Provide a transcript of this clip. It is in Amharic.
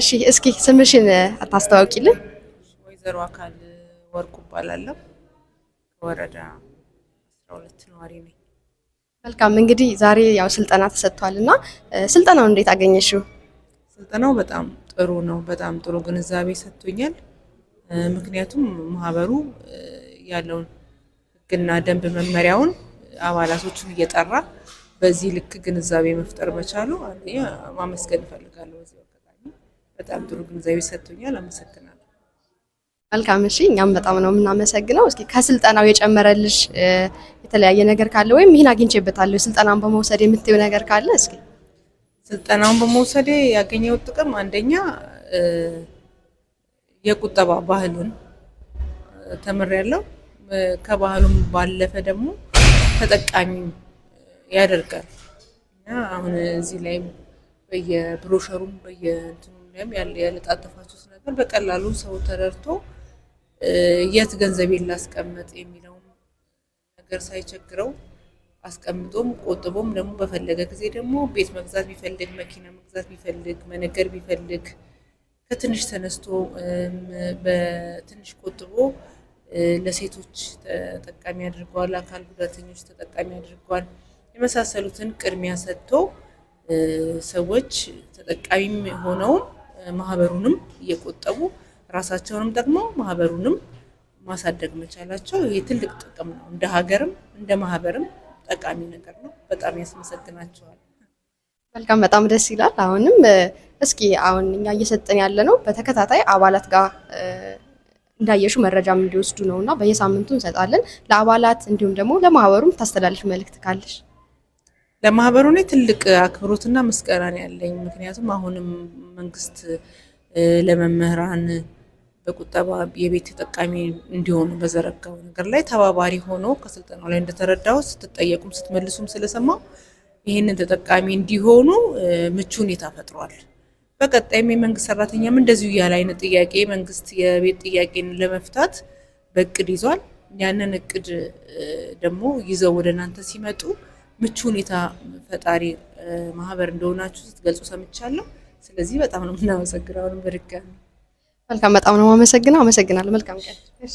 እሺ እስኪ ስምሽን አታስተዋውቂልን? ወይዘሮ አካል ወርቁ እባላለሁ። ከወረዳ አስራ ሁለት ነዋሪ ነኝ። መልካም እንግዲህ ዛሬ ያው ስልጠና ተሰጥቷል እና ስልጠናውን እንዴት አገኘሽው? ስልጠናው በጣም ጥሩ ነው። በጣም ጥሩ ግንዛቤ ሰጥቶኛል። ምክንያቱም ማህበሩ ያለውን ሕግና ደንብ መመሪያውን አባላቶቹን እየጠራ በዚህ ልክ ግንዛቤ መፍጠር መቻሉ ማመስገን እፈልጋለሁ። በጣም ጥሩ ግንዛቤ ሰጥቶኛል። አመሰግናለሁ። መልካም እሺ፣ እኛም በጣም ነው የምናመሰግነው። እስኪ ከስልጠናው የጨመረልሽ የተለያየ ነገር ካለ ወይም ይህን አግኝቼበታለሁ ስልጠናውን በመውሰድ የምትይው ነገር ካለ እስኪ። ስልጠናውን በመውሰዴ ያገኘው ጥቅም አንደኛ የቁጠባ ባህሉን ተምሬያለሁ። ከባህሉም ባለፈ ደግሞ ተጠቃሚ ያደርጋል እና አሁን እዚህ ላይ በየብሮሸሩም በየእንትኑ ላይም ያለ ያለጣጠፋችሁት ነገር በቀላሉ ሰው ተረድቶ የት ገንዘቤን ላስቀምጥ የሚለውን ነገር ሳይቸግረው አስቀምጦም ቆጥቦም ደግሞ በፈለገ ጊዜ ደግሞ ቤት መግዛት ቢፈልግ መኪና መግዛት ቢፈልግ መነገር ቢፈልግ ከትንሽ ተነስቶ በትንሽ ቆጥቦ ለሴቶች ተጠቃሚ አድርጓል፣ አካል ጉዳተኞች ተጠቃሚ አድርጓል። የመሳሰሉትን ቅድሚያ ሰጥቶ ሰዎች ተጠቃሚም ሆነውም ማህበሩንም እየቆጠቡ ራሳቸውንም ደግሞ ማህበሩንም ማሳደግ መቻላቸው ይሄ ትልቅ ጥቅም ነው። እንደ ሀገርም እንደ ማህበርም ጠቃሚ ነገር ነው። በጣም ያስመሰግናቸዋል። መልካም፣ በጣም ደስ ይላል። አሁንም እስኪ አሁን እኛ እየሰጠን ያለ ነው በተከታታይ አባላት ጋር እንዳየሹ መረጃም እንዲወስዱ ነው እና በየሳምንቱ እንሰጣለን ለአባላት እንዲሁም ደግሞ ለማህበሩም ታስተላልፍ መልእክት ካለሽ ለማህበሩ እኔ ትልቅ አክብሮትና ምስጋና ያለኝ። ምክንያቱም አሁንም መንግስት ለመምህራን በቁጠባ የቤት ተጠቃሚ እንዲሆኑ በዘረጋው ነገር ላይ ተባባሪ ሆኖ ከስልጠናው ላይ እንደተረዳው ስትጠየቁም ስትመልሱም ስለሰማው ይህንን ተጠቃሚ እንዲሆኑ ምቹ ሁኔታ ፈጥሯል። በቀጣይም የመንግስት ሰራተኛም እንደዚሁ ያለ አይነት ጥያቄ መንግስት የቤት ጥያቄን ለመፍታት በእቅድ ይዟል። ያንን እቅድ ደግሞ ይዘው ወደ እናንተ ሲመጡ ምቹ ሁኔታ ፈጣሪ ማህበር እንደሆናችሁ ስትገልጹ ሰምቻለሁ። ስለዚህ በጣም ነው የምናመሰግነው። አሁንም በድጋሚ መልካም፣ በጣም ነው የማመሰግነው። አመሰግናለሁ። መልካም ቀን